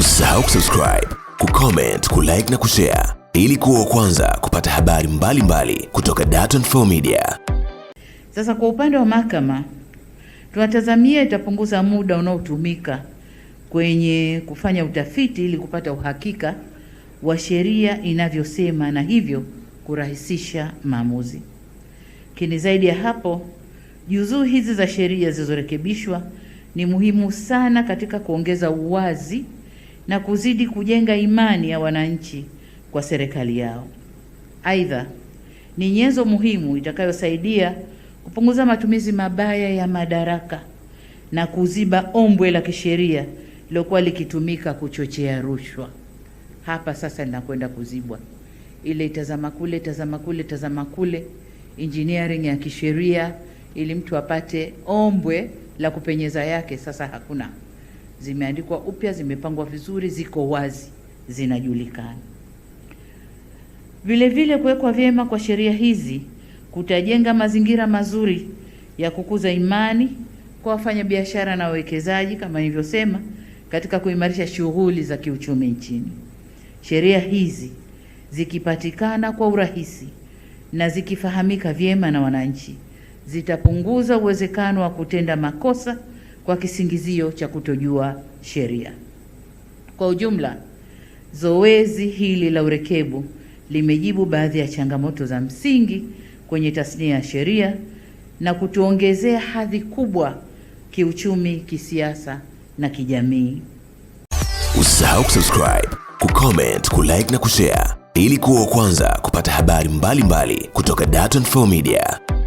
Usisahau kusubscribe, kucomment, kulike na kushare ili kuwa kwanza kupata habari mbalimbali mbali kutoka Dar24 Media. Sasa kwa upande wa mahakama tunatazamia itapunguza muda unaotumika kwenye kufanya utafiti ili kupata uhakika wa sheria inavyosema na hivyo kurahisisha maamuzi. Lakini zaidi ya hapo, juzuu hizi za sheria zilizorekebishwa ni muhimu sana katika kuongeza uwazi na kuzidi kujenga imani ya wananchi kwa serikali yao. Aidha, ni nyenzo muhimu itakayosaidia kupunguza matumizi mabaya ya madaraka na kuziba ombwe la kisheria lilokuwa likitumika kuchochea rushwa. Hapa sasa linakwenda kuzibwa, ile itazama kule, tazama kule, tazama kule, engineering ya kisheria ili mtu apate ombwe la kupenyeza yake, sasa hakuna zimeandikwa upya, zimepangwa vizuri, ziko wazi, zinajulikana. Vile vile kuwekwa vyema kwa sheria hizi kutajenga mazingira mazuri ya kukuza imani kwa wafanyabiashara na wawekezaji, kama nilivyosema, katika kuimarisha shughuli za kiuchumi nchini. Sheria hizi zikipatikana kwa urahisi na zikifahamika vyema na wananchi, zitapunguza uwezekano wa kutenda makosa kwa kisingizio cha kutojua sheria. Kwa ujumla, zoezi hili la urekebu limejibu baadhi ya changamoto za msingi kwenye tasnia ya sheria na kutuongezea hadhi kubwa kiuchumi, kisiasa na kijamii. Usisahau kusubscribe, kucomment, kulike na kushare ili kuwa wa kwanza kupata habari mbalimbali mbali kutoka Dar24 Media.